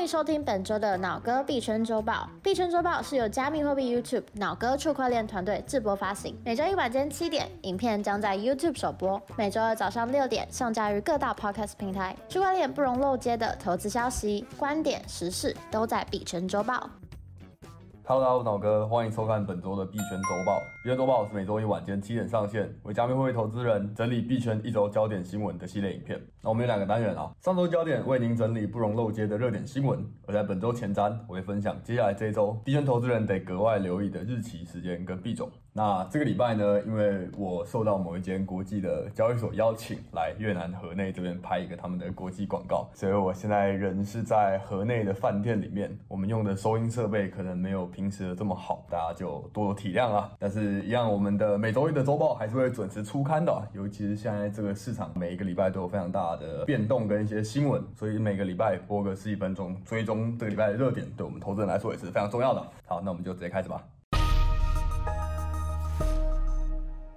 歡迎收聽本周的腦哥幣圈週報。幣圈週報是由加密貨幣 YouTube 腦哥區塊鏈團隊制播發行。每周一晚間七點，影片將在 YouTube 首播；每周二早上六點，上架於各大 Podcast 平台。區塊鏈不容漏接的投資消息、觀點、時事，都在幣圈週報。Hello，大家好，我是腦哥，歡迎收看本周的幣圈週報。幣圈週報是每周一晚間七點上線，會為加密貨幣投資人整理幣圈一周焦點新聞的系列影片。那我們有兩個單元啊，上周焦點為您整理不容漏接的熱點新聞，而在本周前瞻，我會分享接下來這一周幣圈投資人得格外留意的日期、時間跟幣種。那這個禮拜呢，因為我受到某一間國際的交易所邀請，來越南河內這邊拍一個他們的國際廣告，所以我現在人是在河內的飯店裡面。我們用的收音設備可能沒有平時的這麼好，大家就多多體諒啦。但是一樣，我們的每周一的周報還是會準時出刊的。尤其是現在這個市場，每一個禮拜都有非常大的變動跟一些新聞，所以每個禮拜播個十幾分鐘追蹤這個禮拜的熱點，對我們投資人來說也是非常重要的。好，那我們就直接開始吧。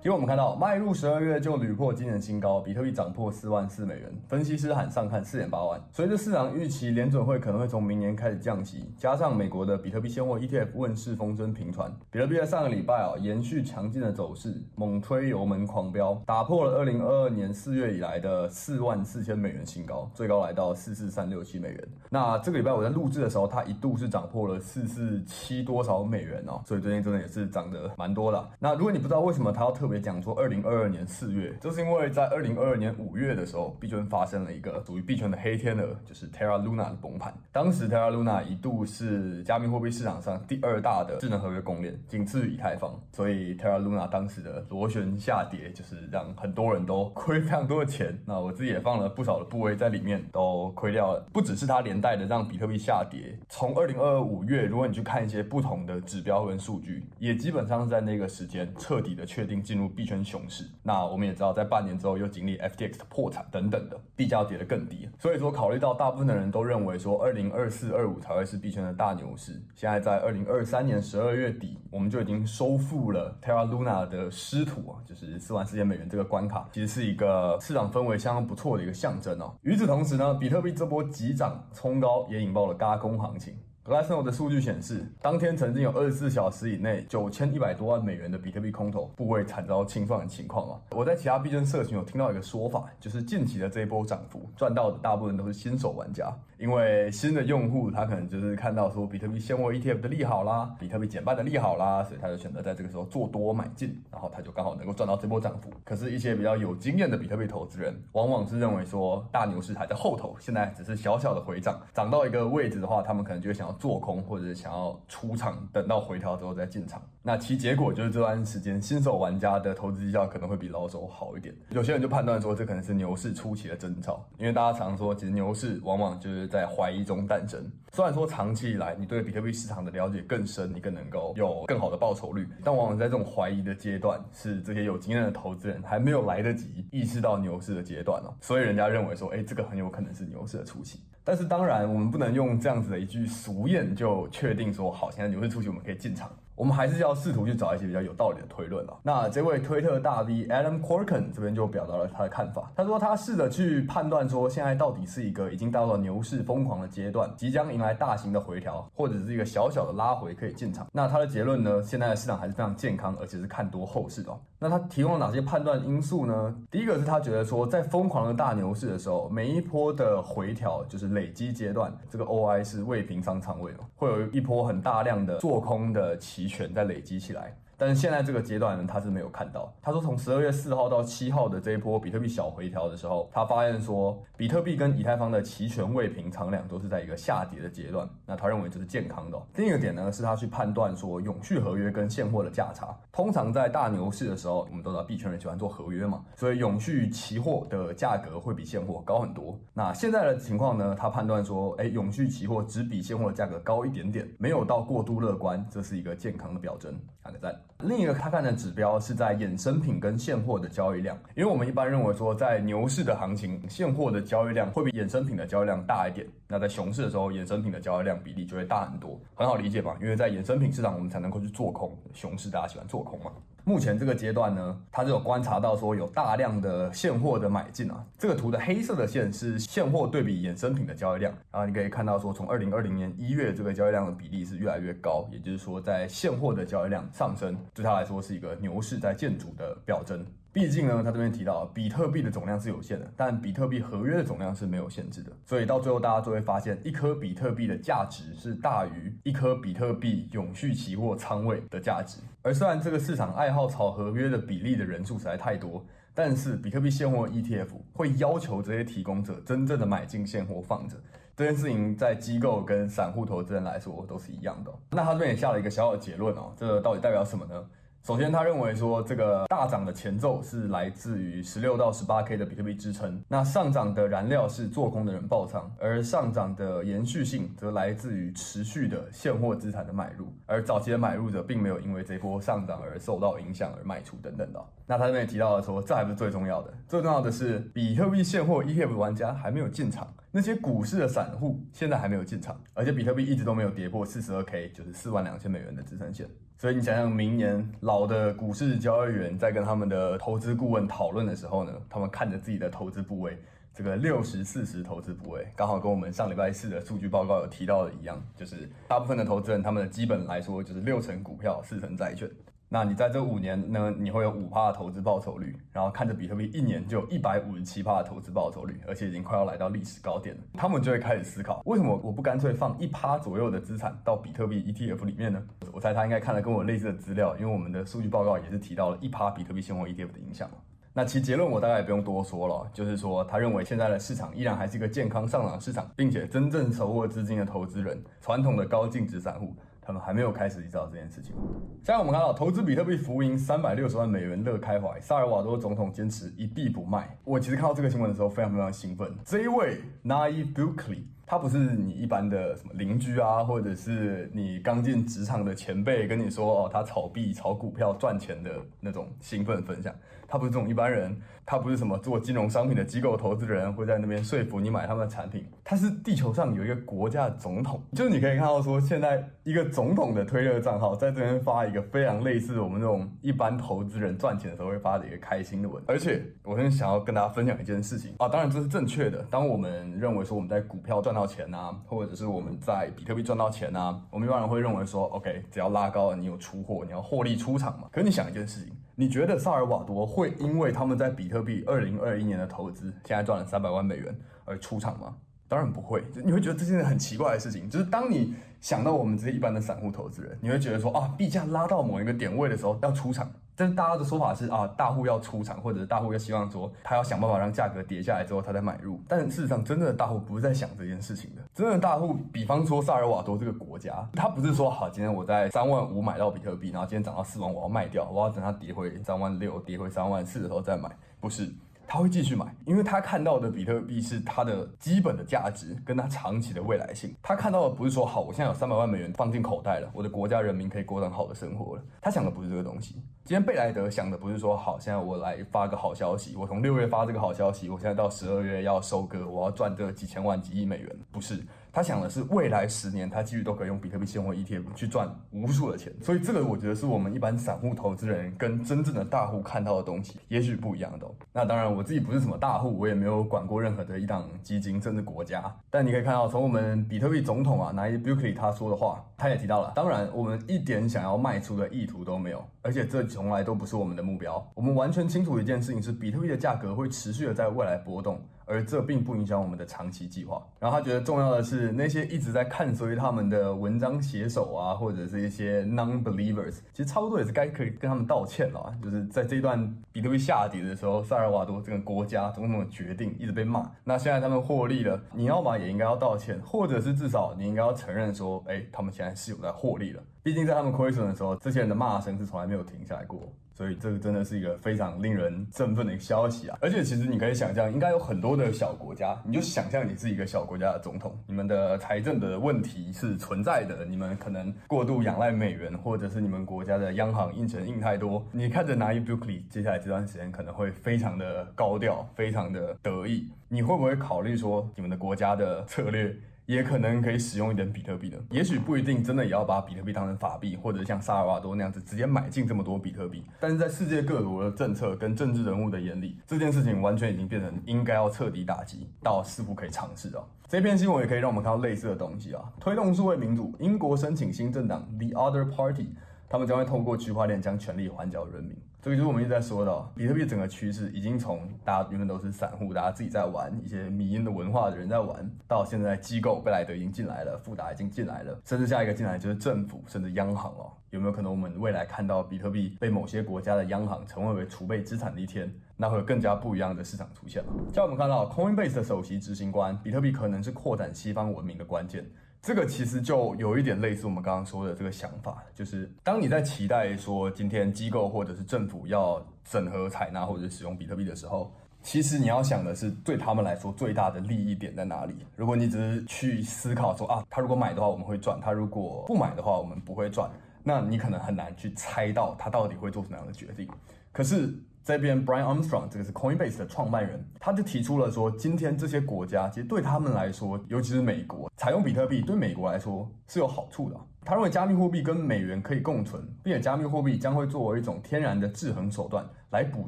因為我們看到，邁入十二月就屢破今年新高，比特幣漲破四萬四美元，分析師喊上看四點八萬。隨着市場預期聯準會可能會從明年開始降息，加上美國的比特幣現貨 ETF 問世風聲頻傳，比特幣在上個禮拜啊、哦、延續強勁的走勢，猛推油門狂飆，打破了二零二二年四月以來的四萬四千美元新高，最高來到四四三六七美元。那這個禮拜我在錄制的時候，它一度是漲破了四四七多少美元哦，所以最近真的也是漲得蠻多了。那如果你不知道為什麼它要特別，也講說，二零二二年四月，就是因為在二零二二年五月的時候，幣圈發生了一個屬於幣圈的黑天鵝，就是 Terra Luna 的崩盤。當時 Terra Luna 一度是加密貨幣市場上第二大的智能合約公鏈，僅次於以太坊。所以 Terra Luna 當時的螺旋下跌，就是讓很多人都虧非常多的錢。那我自己也放了不少的部位在裡面，都虧掉了。不只是它連帶的讓比特幣下跌。從二零二二五月，如果你去看一些不同的指標跟數據，也基本上是在那個時間徹底的確定進入。幣圈熊市。那我們也知道，在半年之後又經歷 FTX 的破產等等的，幣價要跌得更低。所以說，考慮到大部分的人都認為說，二零二四二五才會是幣圈的大牛市，現在在二零二三年十二月底，我們就已經收復了 Terra Luna 的失土啊，就是四萬四千美元這個關卡，其實是一個市場氛圍相當不錯的一個象徵哦。與此同時呢，比特幣這波急漲沖高，也引爆了軋空行情。Glassnode 的數據顯示，當天曾經有二十四小時以內九千一百多萬美元的比特幣空頭部位慘遭清算的情況啊！我在其他幣圈社群有聽到一個說法，就是近期的這一波漲幅賺到的大部分都是新手玩家，因為新的用戶他可能就是看到說比特幣現貨 ETF 的利好啦，比特幣減半的利好啦，所以他就選擇在這個時候做多買進，然後他就剛好能夠賺到這波漲幅。可是，一些比較有經驗的比特幣投資人，往往是認為說大牛市還在後頭，現在只是小小的回漲，漲到一個位置的話，他們可能就會想要。做空或者想要出場，等到回調之後再進場，那其結果就是這段時間新手玩家的投資績效可能會比老手好一點。有些人就判斷說，這可能是牛市初期的徵兆，因為大家常說，其實牛市往往就是在懷疑中誕生。雖然說長期以來你對比特幣市場的了解更深，你更能夠有更好的報酬率，但往往在這種懷疑的階段，是這些有經驗的投資人還沒有來得及意識到牛市的階段哦，所以人家認為說，誒、欸，這個很有可能是牛市的初期。但是當然，我們不能用這樣子的一句俗諺就確定說，好，現在牛市初期，我們可以進場。我們還是要試圖去找一些比較有道理的推論了。那這位推特大 V Adam Quarken 這邊就表達了他的看法。他說他試着去判斷說，現在到底是一個已經到了牛市瘋狂的階段，即將迎來大型的回調，或者是一個小小的拉回可以進場。那他的結論呢？現在的市場還是非常健康，而且是看多後市哦。那他提供了哪些判斷因素呢？第一個是他覺得說，在瘋狂的大牛市的時候，每一波的回調就是累積階段，這個 OI 是未平倉倉位哦，會有一波很大量的做空的起。齊權再累積起來。但現在這個階段呢，他是沒有看到。他說從十二月四號到七號的這一波比特幣小回調的時候，他發現說比特幣跟以太坊的期權未平倉量都是在一個下跌的階段。那他認為這是健康的哦。第一個點呢，是他去判斷說永續合約跟現貨的價差。通常在大牛市的時候，我們都知道幣圈人喜歡做合約嘛，所以永續期貨的價格會比現貨高很多。那現在的情況呢，他判斷說，欸，永續期貨只比現貨的價格高一點點，沒有到過度樂觀，這是一個健康的表徵，點個讚。另一個看看的指標是在衍生品跟現貨的交易量，因為我們一般認為說，在牛市的行情，現貨的交易量會比衍生品的交易量大一點。那在熊市的時候，衍生品的交易量比例就會大很多，很好理解吧？因為在衍生品市場，我們才能夠去做空。熊市大家喜歡做空嗎？目前這個階段呢，它就有觀察到說有大量的現貨的買進啊。這個圖的黑色的線是現貨對比衍生品的交易量啊，然後你可以看到說從二零二零年一月這個交易量的比例是越來越高，也就是說在現貨的交易量上升，對它來說是一個牛市在建築的表徵。畢竟呢，他這邊提到，比特幣的總量是有限的，但比特幣合約的總量是沒有限制的，所以到最後大家就會發現，一顆比特幣的價值是大於一顆比特幣永續期貨倉位的價值。而雖然這個市場愛好炒合約的比例的人數實在太多，但是比特幣現貨 ETF 會要求這些提供者真正的買進現貨放着。這件事情在機構跟散戶投資人來說都是一樣的哦。那他這邊也下了一個小小的結論哦，這個到底代表什麼呢？首先，他認為說這個大漲的前奏是來自於十六到十八 K 的比特幣支撐，那上漲的燃料是做空的人爆倉，而上漲的延續性則來自於持續的現貨資產的買入，而早期的買入者並沒有因為這波上漲而受到影響而賣出等等的。那他這邊也提到了說，這還不是最重要的，最重要的是比特幣現貨 ETF 玩家還沒有進場，那些股市的散戶現在還沒有進場，而且比特幣一直都沒有跌破四十二 K，就是四萬兩千美元的支撐線。所以你想想，明年老的股市交易員在跟他們的投資顧問討論的時候呢，他們看着自己的投資部位，這個六十四十投資部位，剛好跟我們上禮拜四的數據報告有提到的一樣，就是大部分的投資人，他們的基本來說就是六成股票，四成債券。那你在這五年呢，你會有五趴的投資報酬率，然後看着比特幣一年就有一百五十七趴的投資報酬率，而且已經快要來到歷史高點了，他們就會開始思考，為什麼我不乾脆放一趴左右的資產到比特幣 ETF 裡面呢？我猜他應該看了跟我類似的資料，因為我們的數據報告也是提到了一趴比特幣現貨 ETF 的影響。那其結論我大概也不用多說了，就是說他認為現在的市場依然還是一個健康上漲的市場，並且真正手握資金的投資人，傳統的高淨值散戶。他們還沒有開始意識到這件事情。現在我們看到，投資比特幣浮盈三百六十萬美元樂開懷，薩爾瓦多總統堅持一幣不賣。我其實看到這個新聞的時候，非常非常興奮。這一位 Nayib Bukele 他不是你一般的什麼鄰居啊，或者是你剛進職場的前輩跟你說哦，他炒幣、炒股票賺錢的那種興奮分享。他不是這種一般人，他不是什麼做金融商品的機構投資人會在那邊說服你買他們的產品，他是地球上有一個國家的總統，就是你可以看到說現在一個總統的推特賬號在這邊發一個非常類似我們這種一般投資人賺錢的時候會發的一個開心的文，而且我今天想要跟大家分享一件事情啊，當然這是正確的，當我們認為說我們在股票賺到錢吶、啊，或者是我們在比特幣賺到錢吶、啊，我們一般人會認為說 OK，只要拉高了你有出貨，你要獲利出場嘛，可是你想一件事情。你覺得薩爾瓦多會因為他們在比特幣二零二一年的投資，現在賺了三百萬美元而出場嗎？當然不會，就你會覺得這件很奇怪的事情，就是當你想到我們這些一般的散戶投資人，你會覺得說啊，幣價拉到某一個點位的時候要出場，但是大家的說法是啊，大戶要出場，或者是大戶要希望說他要想辦法讓價格跌下來之後他再買入，但事實上真正的大戶不是在想這件事情的，真正的大戶，比方說薩爾瓦多這個國家，他不是說好，啊，今天我在三萬五買到比特幣，然後今天漲到四萬我要賣掉，我要等它跌回三萬六，跌回三萬四的時候再買，不是。他會繼續買，因為他看到的比特幣是它的基本的價值跟它長期的未來性。他看到的不是說，好，我現在有三百萬美元放進口袋了，我的國家人民可以過上好的生活了。他想的不是這個東西。今天貝萊德想的不是說，好，現在我來發個好消息，我從六月發這個好消息，我現在到十二月要收割，我要賺這幾千萬幾億美元。不是。他想的是未來十年，他繼續都可以用比特幣現貨 ETF 去賺無數的錢，所以這個我覺得是我們一般散戶投資人跟真正的大戶看到的東西，也許不一樣的，哦。那當然，我自己不是什麼大戶，我也沒有管過任何的一檔基金，甚至國家。但你可以看到，從我們比特幣總統啊，納伊布·布克爾他說的話，他也提到了，當然我們一點想要賣出的意圖都沒有，而且這從來都不是我們的目標。我們完全清楚一件事情是，比特幣的價格會持續的在未來波動。而這並不影響我們的長期計劃。然後他覺得重要的是，那些一直在看衰他們的文章寫手啊，或者是一些 non believers，其實差不多也是該可以跟他們道歉了。就是在這一段比特幣下跌的時候，薩爾瓦多這個國家總統的決定一直被罵，那現在他們獲利了，你要嘛也應該要道歉，或者是至少你應該要承認說，哎，他們現在是有在獲利了。畢竟在他們虧損的時候，這些人的罵聲是從來沒有停下來過。所以這個真的是一個非常令人振奮的一個消息啊！而且其實你可以想象，應該有很多的小國家，你就想象你是一個小國家的總統，你們的財政的問題是存在的，你們可能過度仰賴美元，或者是你們國家的央行印錢印太多，你看着 Nayib Bukele，接下來這段時間可能會非常的高調，非常的得意，你會不會考慮說你們的國家的策略？也可能可以使用一點比特幣的，也許不一定真的也要把比特幣當成法幣，或者像薩爾瓦多那樣子直接買進這麼多比特幣。但是在世界各國的政策跟政治人物的眼裡，這件事情完全已經變成應該要徹底打擊到，似乎可以嘗試哦。這篇新聞也可以讓我們看到類似的東西啊，推動數位民主，英國申請新政黨 The Other Party，他們將會透過區塊鏈將權力還給人民。這個就是我們一直在說到，哦，比特幣整個趨勢已經從大家原本都是散戶，大家自己在玩一些迷因的文化的人在玩，到現在機構，貝萊德已經進來了，富達已經進來了，甚至下一個進來就是政府，甚至央行哦，有沒有可能我們未來看到比特幣被某些國家的央行成為為儲備資產的一天？那會有更加不一樣的市場出現了。像我們看到 Coinbase 的首席執行官，比特幣可能是擴展西方文明的關鍵。這個其實就有一點類似我們剛剛說的這個想法，就是當你在期待說，今天機構或者是政府要整合採納或者使用比特幣的時候，其實你要想的是對他們來說最大的利益點在哪裡。如果你只是去思考說啊，他如果買的話我們會賺，他如果不買的話我們不會賺，那你可能很難去猜到他到底會做什麼樣的決定。可是。這邊 Brian Armstrong 這個是 Coinbase 的創辦人，他就提出了說，今天這些國家其實對他們來說，尤其是美國，採用比特幣對美國來說是有好處的。他認為加密貨幣跟美元可以共存，並且加密貨幣將會作為一種天然的制衡手段來補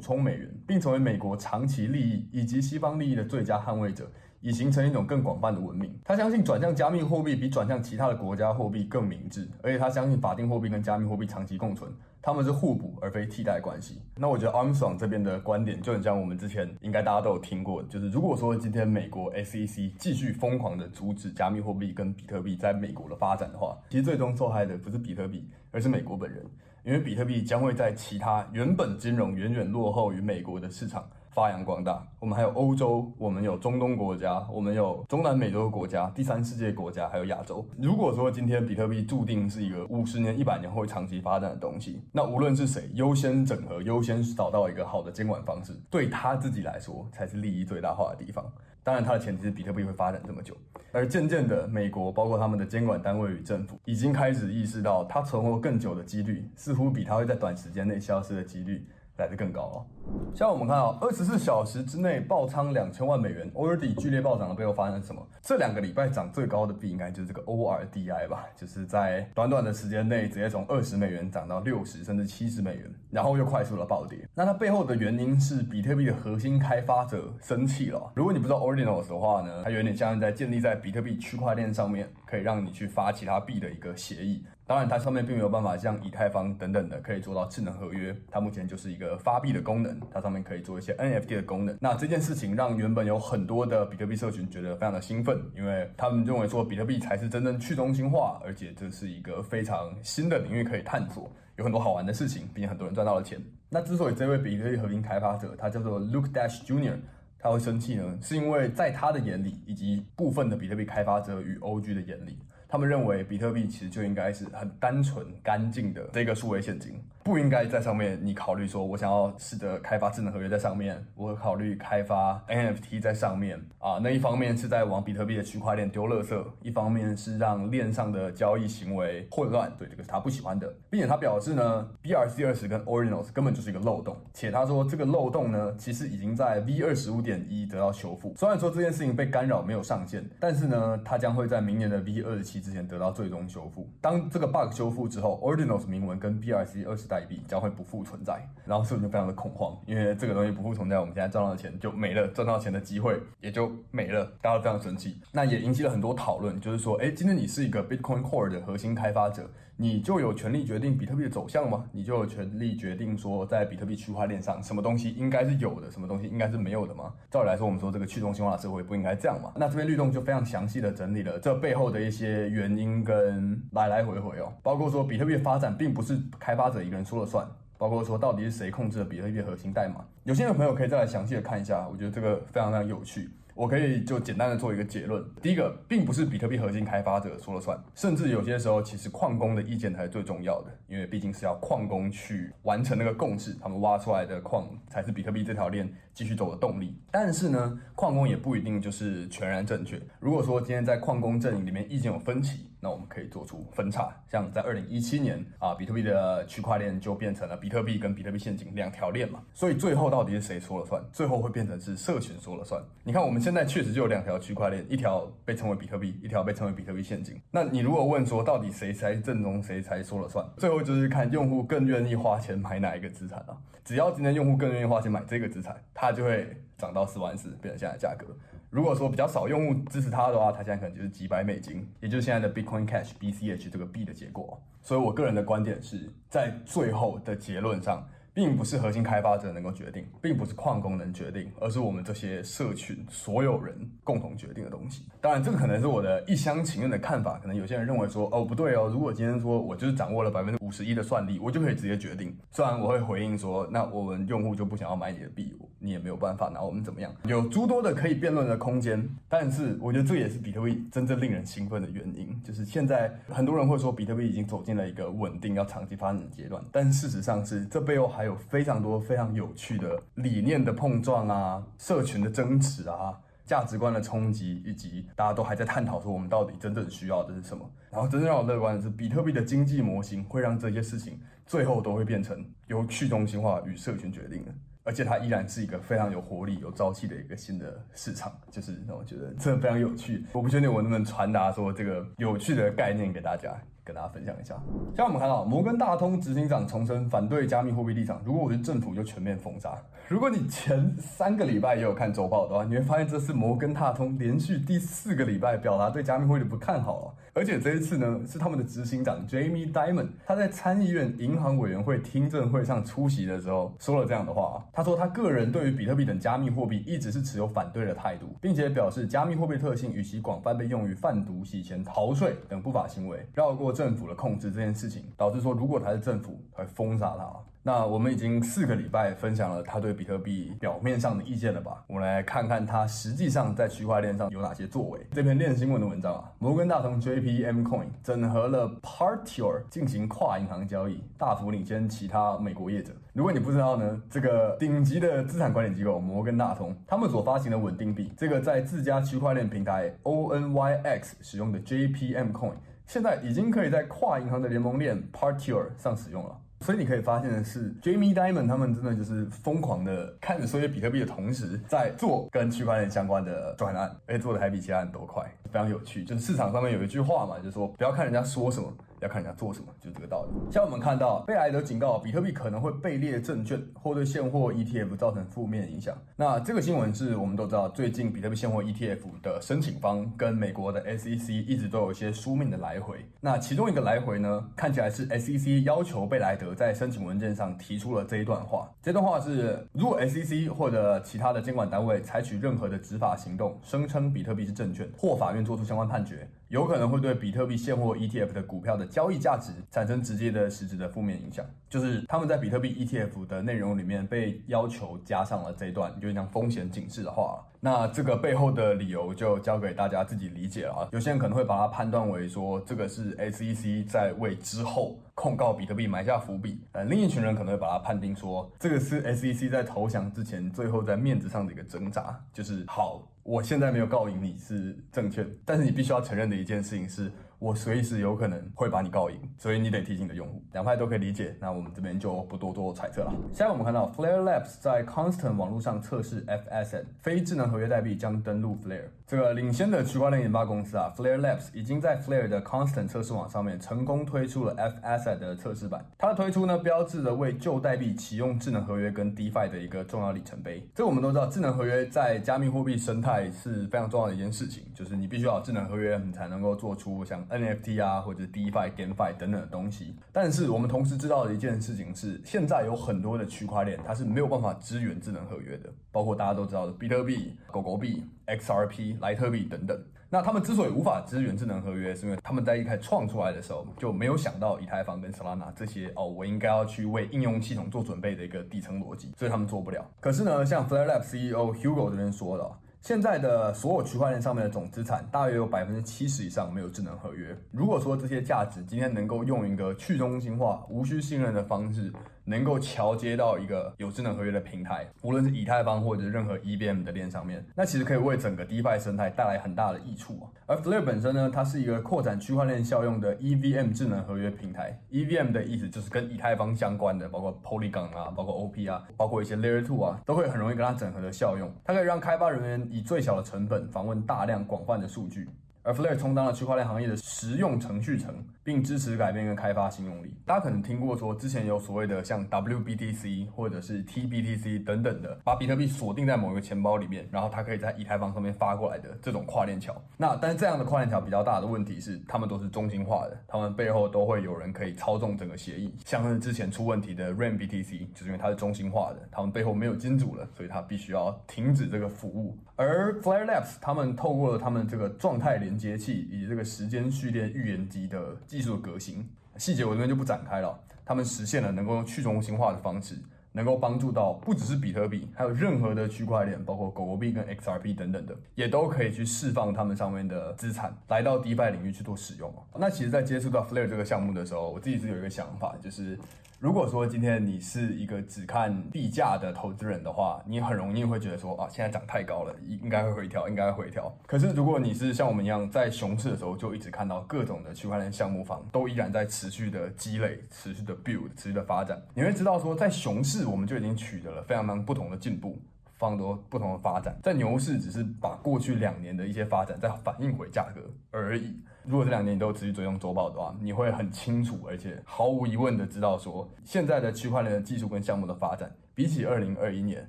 充美元，並成為美國長期利益以及西方利益的最佳捍衛者。已形成一種更廣泛的文明。他相信轉向加密貨幣比轉向其他的國家貨幣更明智，而且他相信法定貨幣跟加密貨幣長期共存，他們是互補而非替代關係。那我覺得 Armstrong 這邊的觀點就很像我們之前應該大家都有聽過，就是如果說今天美國 SEC 繼續瘋狂的阻止加密貨幣跟比特幣在美國的發展的話，其實最終受害的不是比特幣，而是美國本人，因為比特幣將會在其他原本金融遠遠落後於美國的市場。發揚光大。我們還有歐洲，我們有中東國家，我們有中南美洲國家，第三世界國家，還有亞洲。如果說今天比特幣注定是一個五十年，一百年會長期發展的東西，那無論是誰優先整合、優先找到一個好的監管方式，對他自己來說才是利益最大化的地方。當然，它的前提是比特幣會發展這麼久。而漸漸的，美國包括他們的監管單位與政府已經開始意識到，它存活更久的幾率，似乎比它會在短時間內消失的幾率來得更高哦。像我們看啊，二十四小時之內爆倉兩千萬美元，ORDI 劇烈暴漲的背後發生了什麼？這兩個禮拜漲最高的幣應該就是這個 ORDI 吧，就是在短短的時間內直接從二十美元漲到六十甚至七十美元，然後又快速的暴跌。那它背後的原因是比特幣的核心開發者生氣了。如果你不知道 Ordinals 的話呢，它有點像在建立在比特幣區塊鏈上面，可以讓你去發其他幣的一個協議。當然，它上面並沒有辦法像以太坊等等的可以做到智能合約，它目前就是一個發幣的功能，它上面可以做一些 NFT 的功能。那這件事情讓原本有很多的比特幣社群覺得非常的興奮，因為他們認為說比特幣才是真正去中心化，而且這是一個非常新的領域可以探索，有很多好玩的事情，並且很多人賺到了錢。那之所以這位比特幣核心開發者他叫做 Luke Dash Jr，他會生氣呢，是因為在他的眼裡，以及部分的比特幣開發者與 OG 的眼裡。他們認為比特幣其實就應該是很單純、乾淨的這個數位現金，不應該在上面，你考慮說我想要試着開發智能合約在上面，我考慮開發 NFT 在上面啊。那一方面是在往比特幣的區塊鏈丟垃圾，一方面是讓鏈上的交易行為混亂。對，這個是他不喜歡的，並且他表示呢，BRC 二十跟 Ordinals 根本就是一個漏洞，且他說這個漏洞呢，其實已經在 V 二十五點一得到修復。雖然說這件事情被干擾沒有上線，但是呢，它將會在明年的 V 二十七之前得到最終修復。當這個 bug 修復之後，Ordinals 銘文跟 BRC 二十代幣將會不復存在，然後所以就非常的恐慌，因為這個東西不復存在，我們現在賺到的錢就沒了，賺到錢的機會也就沒了，大家非常生氣。那也引起了很多討論，就是說，誒，今天你是一個 Bitcoin Core 的核心開發者。你就有權利決定比特幣的走向嗎？你就有權利決定說在比特幣區塊鏈上什麼東西應該是有的，什麼東西應該是沒有的嗎？照理來說，我們說這個去中心化的社會不應該這樣嘛？那這邊律動就非常詳細的整理了這背後的一些原因跟來來回回哦，包括說比特幣的發展並不是開發者一個人說了算，包括說到底是誰控制了比特幣的核心代碼。有興趣的朋友可以再來詳細的看一下，我覺得這個非常非常有趣。我可以就簡單的做一個結論，第一個，並不是比特幣核心開發者說了算，甚至有些時候，其實礦工的意見才是最重要的，因為畢竟是要礦工去完成那個共識，他們挖出來的礦才是比特幣這條鏈。繼續走的動力，但是呢，礦工也不一定就是全然正確。如果說今天在礦工陣營裡面意見有分歧，那我們可以做出分叉。像在二零一七年啊，比特幣的區塊鏈就變成了比特幣跟比特幣現金兩條鏈嘛。所以最後到底是誰說了算？最後會變成是社群說了算。你看我們現在確實就有兩條區塊鏈，一條被稱為比特幣，一條被稱為比特幣現金。那你如果問說到底誰才是正宗，誰才說了算？最後就是看用戶更願意花錢買哪一個資產了啊。只要今天用戶更願意花錢買這個資產，它就會漲到四萬四，變成現在的價格。如果說比較少用戶支持它的話，它現在可能就是幾百美金，也就是現在的 Bitcoin Cash（ BCH） 這個幣的結果。所以我個人的觀點是在最後的結論上。並不是核心開發者能夠決定，並不是礦工能決定，而是我們這些社群所有人共同決定的東西。當然，這個可能是我的一廂情願的看法，可能有些人認為說，哦，不對哦，如果今天說我就是掌握了百分之五十一的算力，我就可以直接決定。雖然我會回應說，那我們用戶就不想要買你的幣，你也沒有辦法拿我們怎麼樣。有諸多的可以辯論的空間，但是我覺得這也是比特幣真正令人興奮的原因。就是現在很多人會說，比特幣已經走進了一個穩定要長期發展的階段，但事實上是這背後還有非常多非常有趣的理念的碰撞啊，社群的爭執啊，價值觀的衝擊，以及大家都還在探討說我們到底真正需要的是什麼。然後真正讓我樂觀的是，比特幣的經濟模型會讓這些事情最後都會變成由去中心化與社群決定的，而且它依然是一個非常有活力、有朝氣的一個新的市場。就是讓我覺得真的非常有趣。我不確定我能不能傳達說這個有趣的概念給大家。跟大家分享一下，現在我們看到摩根大通執行長重申反對加密貨幣立場。如果我是政府，就全面封殺。如果你前三個禮拜也有看週報的話，你會發現這是摩根大通連續第四個禮拜表達對加密貨幣的不看好了。而且這一次呢，是他們的執行長 Jamie Dimon，他在參議院銀行委員會聽證會上出席的時候說了這樣的話。他說他個人對於比特幣等加密貨幣一直是持有反對的態度，並且表示加密貨幣特性與其廣泛被用於販毒、洗錢、逃稅等不法行為，繞過政府的控制這件事情，導致說如果他是政府，他會封殺他。那我們已經四個禮拜分享了他對比特幣表面上的意見了吧？我們來看看他實際上在區塊鏈上有哪些作為。這篇鏈新聞的文章啊，摩根大通 JPM Coin 整合了 Partior 進行跨銀行交易，大幅領先其他美國業者。如果你不知道呢，這個頂級的資產管理機構摩根大通，他們所發行的穩定幣，這個在自家區塊鏈平台 ONYX 使用的 JPM Coin，現在已經可以在跨銀行的聯盟鏈 Partior 上使用了。所以你可以發現的是，Jamie Dimon 他們真的就是瘋狂的，看着說一些比特幣的同時，在做跟區塊鏈相關的專案，而且做的還比其他人都快，非常有趣。就是市場上面有一句話嘛，就是說不要看人家說什麼。要看人家做什麼，就是這個道理。像我們看到，貝萊德警告，比特幣可能會被列證券，或對現貨 ETF 造成負面影響。那這個新聞是我們都知道，最近比特幣現貨 ETF 的申請方跟美國的 SEC 一直都有一些書面的來回。那其中一個來回呢，看起來是 SEC 要求貝萊德在申請文件上提出了這一段話。這段話是：如果 SEC 或者其他的監管單位採取任何的執法行動，聲稱比特幣是證券，或法院做出相關判決。有可能會對比特幣現貨 ETF 的股票的交易價值產生直接的實質的負面影響，就是他們在比特幣 ETF 的內容裡面被要求加上了這一段，就是講風險警示的話。那這個背後的理由就交給大家自己理解了。有些人可能會把它判斷為說，這個是 SEC 在為之後控告比特幣埋下伏筆。呃，另一群人可能會把它判定說，這個是 SEC 在投降之前最後在面子上的一個掙扎，就是好，我現在沒有告贏你是證券，但是你必須要承認的一件事情是。我隨時有可能會把你告贏，所以你得提醒你的用戶。兩派都可以理解，那我們這邊就不多做猜測了。下面我們看到，Flare Labs 在 Constant 網路上測試 FAsset 非智能合約代幣將登陸 Flare。這個領先的區塊鏈研發公司啊，Flare Labs 已經在 Flare 的 Constant 測試網上面成功推出了 FAsset 的測試版。它的推出呢，標誌着為舊代幣啟用智能合約跟 DeFi 的一個重要里程碑。這個我們都知道，智能合約在加密貨幣生態是非常重要的一件事情，就是你必須要有智能合約你才能夠做出像。NFT 啊，或者 DeFi、GameFi 等等的東西。但是我們同時知道的一件事情是，現在有很多的區塊鏈，它是沒有辦法支援智能合約的。包括大家都知道的比特幣、狗狗幣、XRP、萊特幣等等。那他們之所以無法支援智能合約，是因為他們在一開始創出來的時候就沒有想到以太坊跟 Solana 這些哦，我應該要去為應用系統做準備的一個底層邏輯，所以他們做不了。可是呢，像 Flare Labs CEO Hugo 這邊說的人說了。現在的所有區塊鏈上面的總資產，大約有百分之七十以上沒有智能合約。如果說這些價值今天能夠用一個去中心化、無需信任的方式，能夠橋接到一個有智能合約的平台，無論是以太坊或者是任何 EVM 的鏈上面，那其實可以為整個 DeFi 生態帶來很大的益處啊。而 Flare 本身呢，它是一個擴展區塊鏈效用的 EVM 智能合約平台，EVM 的意思就是跟以太坊相關的，包括 Polygon 啊，包括 OP 啊，包括一些 Layer Two 啊，都會很容易跟它整合的效用。它可以讓開發人員以最小的成本訪問大量廣泛的數據。而 Flare 充當了區塊鏈行業的實用程序層，並支持改變跟開發新能力。大家可能聽過說，之前有所謂的像 WBTC 或者是 TBTC 等等的，把比特幣鎖定在某一個錢包裡面，然後它可以在以太坊上面發過來的這種跨鏈橋。那但是這樣的跨鏈橋比較大的問題是，他們都是中心化的，他們背後都會有人可以操縱整個協議，像是之前出問題的 renBTC，就是因為它是中心化的，他們背後沒有金主了，所以它必須要停止這個服務。而 Flare Labs 他們透過了他們這個狀態連接。節器以及這個時間序列預言機的技術的革新細節，我這邊就不展開了。他們實現了能夠去中心化的方式，能夠幫助到不只是比特幣，還有任何的區塊鏈，包括狗狗幣跟 XRP 等等的，也都可以去釋放他們上面的資產來到 DeFi 領域去做使用。那其實，在接觸到 Flare 這個項目的時候，我自己是有一個想法，就是。如果說今天你是一個只看幣價的投資人的話，你很容易會覺得說啊，現在漲太高了，應該會回調，應該會回調。可是如果你是像我們一樣，在熊市的時候就一直看到各種的區塊鏈項目方都依然在持續的積累、持續的 build、持續的發展，你會知道說，在熊市我們就已經取得了非常非常不同的進步、非常多不同的發展。在牛市只是把過去兩年的一些發展再反映回價格而已。如果這兩年你都持續追蹤週報的話，你會很清楚，而且毫無疑問地知道說，現在的區塊鏈的技術跟項目的發展。比起二零二一年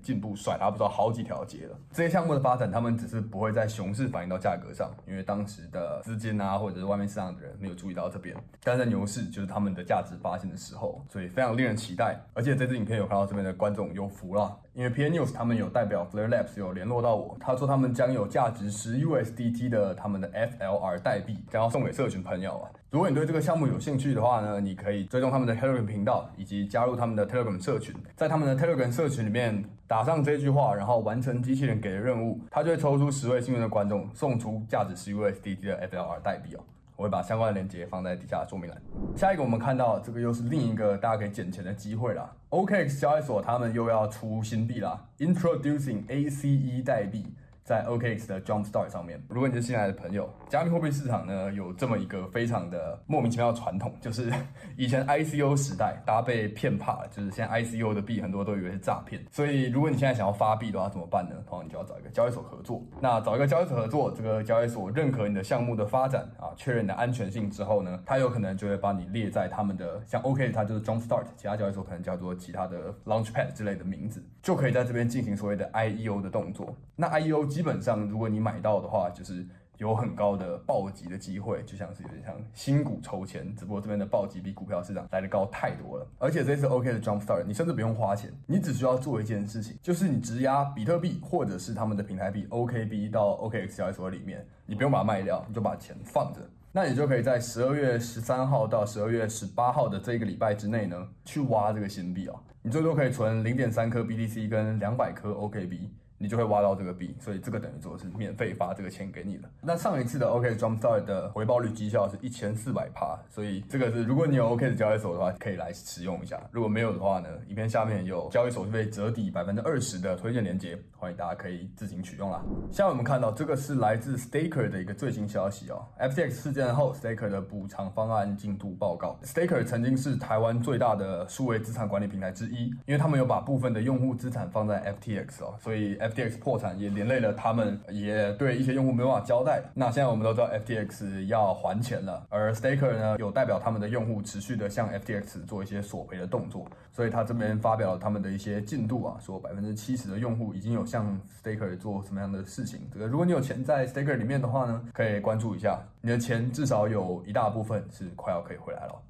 進步，甩他不知道好幾條街了。這些項目的發展，他們只是不會在熊市反映到價格上，因為當時的資金啊，或者是外面市場的人沒有注意到這邊。但在牛市，就是他們的價值發現的時候，所以非常令人期待。而且這支影片有看到這邊的觀眾有福了，因為 PA News 他們有代表 Flare Labs 有聯絡到我，他說他們將有價值十 USDT 的他們的 FLR 代幣，將要送給社群朋友啊。如果你對這個項目有興趣的話呢，你可以追蹤他們的 Telegram 頻道，以及加入他們的 Telegram 社群。在他們的 Telegram 社群裡面打上這句話，然後完成機器人給的任務，它就會抽出十位幸運的觀眾，送出價值 USDT 的 FLR 代幣哦。我會把相關的鏈接放在底下的說明欄。下一個我們看到這個又是另一個大家可以撿錢的機會啦。OKX 交易所他們又要出新幣啦，Introducing ACE 代幣。在 OKX 的 Jumpstart 上面，如果你是新來的朋友，加密貨幣市場呢有這麼一個非常的莫名其妙的傳統，就是以前 ICO 時代大家被騙怕了，就是現在 ICO 的幣很多都以為是詐騙，所以如果你現在想要發幣的話怎麼辦呢？然後你就要找一個交易所合作。那找一個交易所合作，這個交易所認可你的項目的發展啊，確認你的安全性之後呢，它有可能就會把你列在他們的像 OKX 它就是 Jumpstart，其他交易所可能叫做其他的 Launchpad 之類的名字，就可以在這邊進行所謂的 IEO 的動作。那 IEO 基本上，如果你買到的話，就是有很高的暴擊的機會，就像是有點像新股抽籤，只不過這邊的暴擊比股票市場來得高太多了。而且這次 OK 的 Jumpstart，你甚至不用花錢，你只需要做一件事情，就是你質押比特幣或者是他們的平台幣 OKB 到 OKX 交易所裡面，你不用把它賣掉，你就把錢放着，那你就可以在十二月十三號到十二月十八號的這一個禮拜之內呢，去挖這個新幣啊、喔，你最多可以存零點三顆 BTC 跟兩百顆 OKB。你就會挖到這個幣，所以這個等於說是免費發這個錢給你了。那上一次的 OK Jumpstart 的回報率績效是一千四百趴，所以這個是如果你有 OK 的交易所的話，可以來使用一下。如果沒有的話呢，影片下面有交易手續費折抵百分之二十的推薦鏈接，歡迎大家可以自行取用啦。下面我們看到這個是來自 Staker 的一個最新消息哦，FTX 事件後 Staker 的補償方案進度報告。Staker 曾經是台灣最大的數位資產管理平台之一，因為他們有把部分的用戶資產放在 FTX 哦，所以。FTX 破產也連累了他們，也對一些用戶沒辦法交代。那現在我們都知道 FTX 要還錢了，而 Staker 呢有代表他們的用戶持續的向 FTX 做一些索賠的動作，所以他這邊發表了他們的一些進度啊，說百分之七十的用戶已經有向 Staker 做什麼樣的事情。這個如果你有錢在 Staker 裡面的話呢，可以關注一下，你的錢至少有一大部分是快要可以回來了。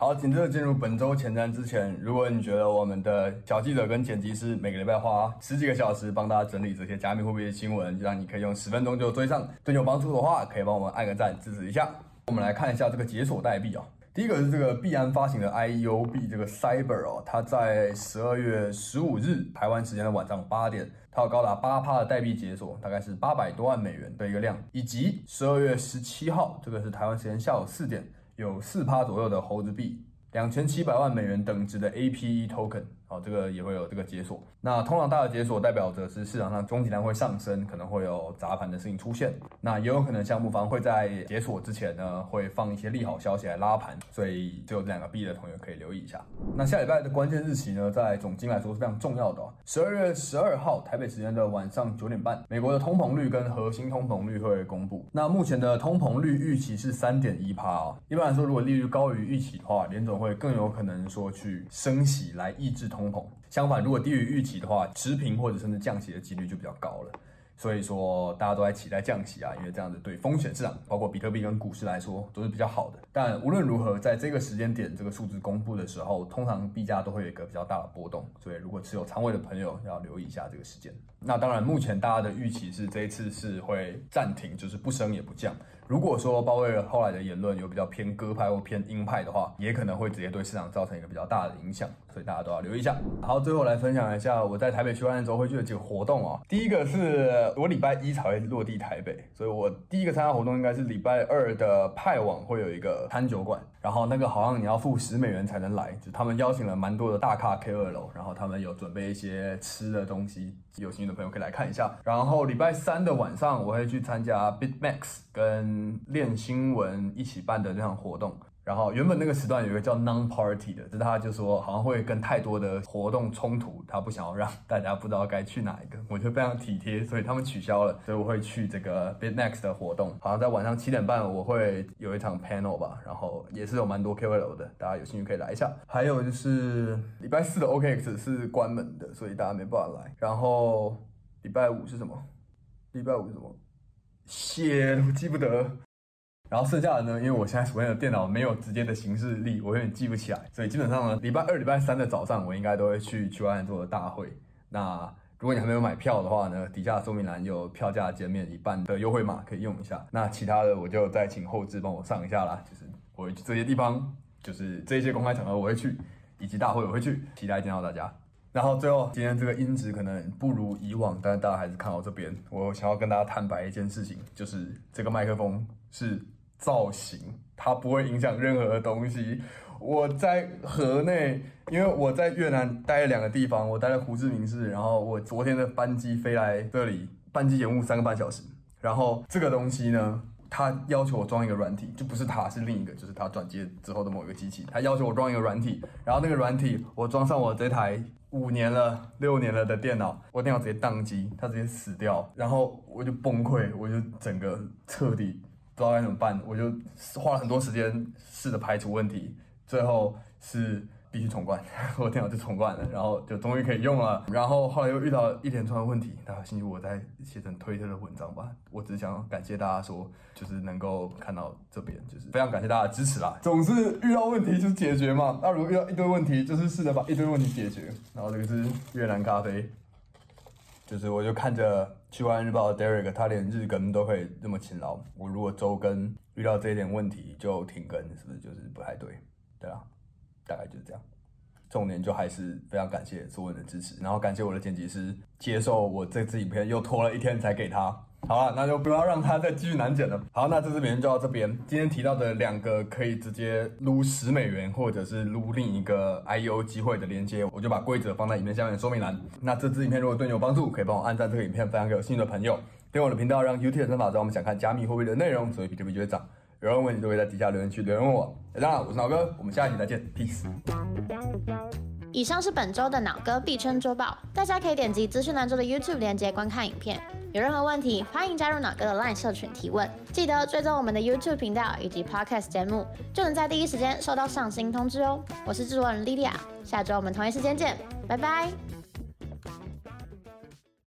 好，緊接着進入本周前瞻之前，如果你覺得我們的小記者跟剪輯師每個禮拜花十幾個小時幫大家整理這些加密貨幣的新聞，就讓你可以用十分鐘就追上，對你有幫助的話，可以幫我們按個讚支持一下。我們來看一下這個解鎖代幣哦，第一個是這個幣安發行的 IEOB 這個 Cyber 哦，它在十二月十五日台灣時間的晚上八點，它有高達八趴的代幣解鎖，大概是八百多萬美元的一個量，以及十二月十七號，這個是台灣時間下午四點。有四趴左右的猴子幣，兩千七百萬美元等值的 APE token。哦，這個也會有這個解鎖。那通常大的解鎖代表着是市場上總體量會上升，可能會有砸盤的事情出現。那也有可能項目方會在解鎖之前呢，會放一些利好消息來拉盤。所以，只有這兩個幣的同學可以留意一下。那下禮拜的關鍵日期呢，在總經來說是非常重要的哦。十二月十二號，台北時間的晚上九點半，美國的通膨率跟核心通膨率會公布。那目前的通膨率預期是三點一趴啊。一般來說，如果利率高於預期的話，聯總會更有可能說去升息來抑制通。通膨。相反，如果低於預期的話，持平或者甚至降息的幾率就比較高了。所以說，大家都在期待降息啊，因為這樣子對風險市場，包括比特幣跟股市來說，都是比較好的。但無論如何，在這個時間點，這個數字公布的時候，通常幣價都會有一個比較大的波動。所以，如果持有倉位的朋友，要留意一下這個時間。那當然，目前大家的預期是這一次是會暫停，就是不升也不降。如果說鮑威爾後來的言論有比較偏鴿派或偏鷹派的話，也可能會直接對市場造成一個比較大的影響，所以大家都要留意一下。然、嗯、後最後來分享一下我在台北完辦的之後會去的幾個活動啊、哦。第一個是我禮拜一才會落地台北，所以我第一個參加活動應該是禮拜二的派網會有一個餐酒館，然後那個好像你要付十美元才能來，就他們邀請了蠻多的大咖 K 二樓，然後他們有準備一些吃的東西。有興趣的朋友可以來看一下。然後禮拜三的晚上，我會去參加 BitMax 跟鏈新聞一起辦的那場活動。然後原本那個時段有一個叫 Non Party 的，就是他就說好像會跟太多的活動衝突，他不想要讓大家不知道該去哪一個，我覺得非常體貼，所以他們取消了。所以我會去這個 BitNext 的活動，好像在晚上七點半我會有一場 Panel 吧，然後也是有蠻多 KOL 的，大家有興趣可以來一下。還有就是禮拜四的 OKX 是關門的，所以大家沒辦法來。然後禮拜五是什麼？禮拜五是什麼？謝，我記不得。然後剩下的呢，因為我現在手邊的電腦沒有直接的形式力，我有點記不起來，所以基本上呢，禮拜二、禮拜三的早上，我應該都會去去外面做的大會。那如果你還沒有買票的話呢，底下說明欄有票價減免一半的優惠碼可以用一下。那其他的我就再請後置幫我上一下啦，就是我會去這些地方，就是這些公開場合我會去，以及大會我會去，期待見到大家。然後最後，今天這個音質可能不如以往，但大家還是看到這邊。我想要跟大家坦白一件事情，就是這個麥克風是。造型它不會影響任何的東西。我在河內，因為我在越南待了兩個地方，我待在胡志明市，然後我昨天的班機飛來這裡，班機延誤三個半小時。然後這個東西呢，它要求我裝一個軟體，就不是它，是另一個，就是它轉接之後的某一個機器，它要求我裝一個軟體。然後那個軟體，我裝上我這台五年了、六年了的電腦，我電腦直接當機，它直接死掉，然後我就崩潰，我就整個徹底，不知道該怎麼辦，我就花了很多時間試着排除問題，最後是必須重灌。我電腦就重灌了，然後就終於可以用了。然後後來又遇到一連串的問題，家星期我再寫成推特的文章吧。我只想感謝大家說，說就是能夠看到這邊，就是非常感謝大家的支持啦。總是遇到問題就解決嘛，那如果遇到一堆問題，就是試着把一堆問題解決。然後這個是越南咖啡。就是我就看着《去玩日報》的 Derek，他連日更都可以這麼勤勞，我如果週更遇到這一點問題就停更，是不是就是不太對？對啊，大概就是這樣。重點就還是非常感謝諸位的支持，然後感謝我的剪輯師接受我這支影片又拖了一天才給他。好啦，那就不要讓他再繼續難剪了。好，那這支影片就到這邊。今天提到的兩個可以直接擼十美元或者是擼另一個 I O 機會的連接，我就把規則放在影片下面的說明欄。那這支影片如果對你有幫助，可以幫我按讚這個影片，分享給有興趣的朋友。對我的頻道，讓 YouTube 的演算法知道我們想看加密貨幣的內容，所以比特幣就會漲有任何問題都可以在底下留言區留言問我。大家好，我是腦哥，我們下一期再見，peace。以上是本週的腦哥幣圈週報，大家可以點擊資訊欄中的 YouTube 連結觀看影片。有任何問題，歡迎加入腦哥的 Line 社群提問。記得追蹤我們的 YouTube 頻道以及 Podcast 節目，就能在第一時間收到上新通知哦。我是製作人莉莉亞，下週我們同一時間見，拜拜。